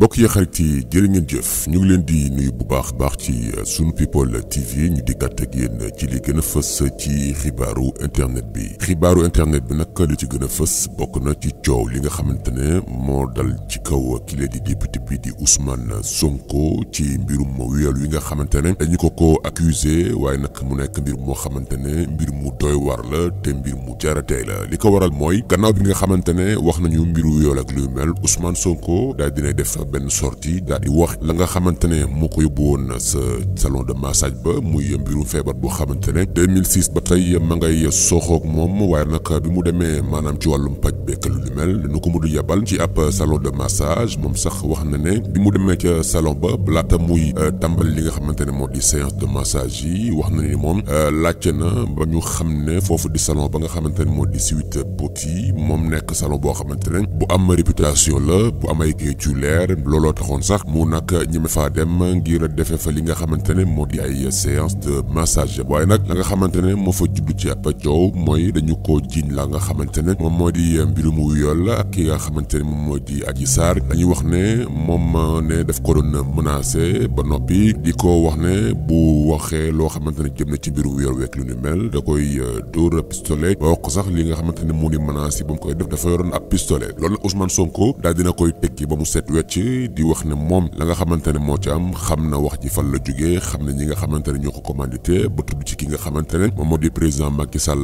bokk yi xarit yi jërë ngeen jëf ñu ngi leen di nuy bu baax baax ci euh, sunu people TV ñu dikkaat ak yéen ci li gën a fës ci xibaaru internet bi xibaaru internet bi nag li ci gën a fës bokk na ci coow li nga xamante ne moo dal ci kaw kile di député bi di Ousmane Sonko ci mbirum wéyal wi nga xamante ne dañu ko ko accusé waaye nag mu nekk mbir moo xamante ne mbir mu doy war la te mbir mu jaratee la li ko waral mooy gannaaw bi nga xamante ne wax nañu mbiru wéyal ak lu mel Ousmane Sonko daal def. benn sortie daal di wax la nga xamante ne moo ko yóbbu woon sa salon de massage ba muy yëpp mbirum feebar boo xamante ne 2006 ba tey ma ngay sooxoog moom waaye nag bi mu demee maanaam ci wàllum paj bekk lu mel nu ko mu du yabal ci ab salon de massage moom sax wax na ne bi mu demee ca salon ba laata muy euh, tàmbali li nga xamante ne moo di séance de massage yi wax na ni moom euh, laajte na ba ñu xam ne foofu di salon ba nga xamante ne moo di Sweet Beauty moom nekk salon boo xamante ne bu am réputation la bu am ay kayit leer dem looloo taxoon sax mu nag ñeme faa dem ngir defee fa li nga xamante ne moo di ay séance de massage waaye nag la nga xamante ne moo fa juddu ci ab coow mooy dañu ko jiiñ la nga xamante ne moom moo di mbirum wu yool ak ki nga xamante ne moom moo di Adji saar dañuy wax ne moom ne daf ko doon menacé ba noppi di ko wax ne bu waxee loo xamante jëm na ci mbiru wu week lu ni mel da koy euh, dóor pistolet ba wax ko sax li nga xamante ne moo di menace yi ba mu koy def dafa yoroon ab pistolet loolu Ousmane Sonko daal dina koy tekki ba mu set wecc bi di wax ne moom la nga xamante ne moo ci am xam na wax ji fan la jógee xam na ñi nga xamante ñoo ko commandité ba tudd ci ki nga xamante ne moo di président Macky Sall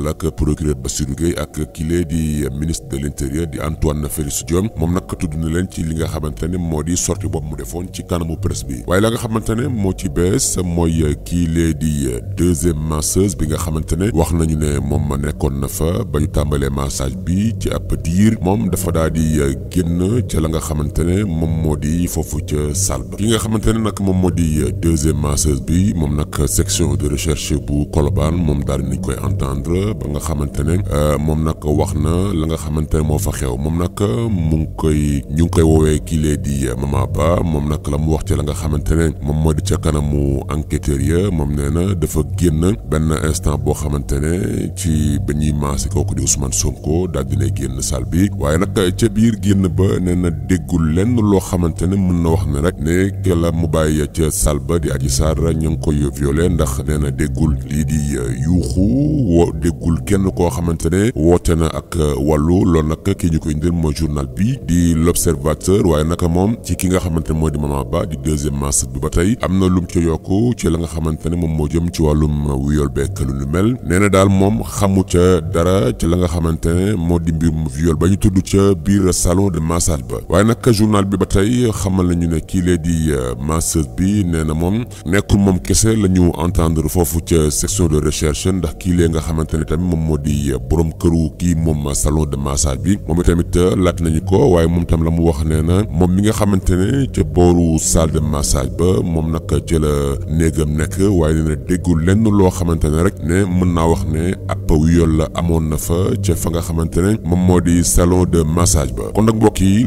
bi waaye la nga xamante ne moo ci bees mooy kile di deuxième masseuse bi nga xamante wax nañu ne moom nekkoon na fa ba ñu tàmbalee massage bi ci ab diir moom dafa daal di génn ca la nga xamante moom moo di foofu ca Salba ki nga xamante ne nag moom moo di euh, deuxième masseuse bi moom nag section de recherche bu Colobane moom daal di nañ koy entendre ba nga xamante ne euh, moom nag wax na la nga xamante ne moo fa moom nag euh, mu ngi koy ñu ngi koy woowee kii lee di Mama Ba moom nag la mu wax ci la nga xamante ne moom moo di ca kanamu enquêteur ya moom nee dafa génn benn instant boo xamante ne ci ba ñuy maase kooku di Ousmane Sonko daal di lay génn salle bi waaye nag ca biir génn ba nee déggul lenn loo xamante xamante ne mën na ne rek ne ke la mu bàyyi ca salba di Adji Sarr ñu ngi koy violé ndax nee na déggul di euh, yuuxu déggul kenn koo xamante ne woote na ak euh, wàllu loolu nag ki ñu koy indil mooy journal bi di l'observateur waaye naka moom ci ki nga xamante ne moo di Mama Ba di deuxième mars bi ba am na lum ci yokk ci la nga xamante ne moom moo jëm ci wàllum wiyol bekk lu nu mel nee na daal moom xamu ca dara ci la nga xamante ne moo di mbir mu viol ba ñu tudd ca biir salon de massage ba waaye nag journal bi ba tey Ndiaye xamal nañu ne kii lee di euh, masseuse bi nee na moom nekkul moom kese la ñu entendre foofu ca section de recherche ndax kii lee nga xamante ne tamit moom moo di euh, borom këru kii moom ma salon de massage bi moom tamit euh, laaj nañu ko waaye moom tam la mu wax nee na moom mi nga xamante ne ca booru salle de massage ba moom nag ca la néegam nekk waaye nee na déggul lenn loo xamante ne rek ne mën naa wax ne ab yoon la amoon na fa ca fa nga xamante ne moom moo di salon de massage ba kon nag mbokk yi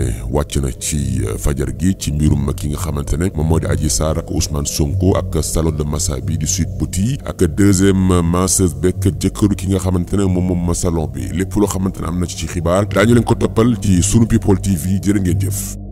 ne wàcc na ci euh, fajar gi ci mbirum ki nga xamante ne moom moo di Adji Sarr ak Ousmane Sonko ak salon de massage bi di Sweet Beauty ak deuxième masseuse bekk jëkkëru ki nga xamante ne moom moom ma salon bi lépp loo xamante ne am na ci xibaar daañu leen ko toppal ci sunu people TV jërë ngeen jëf.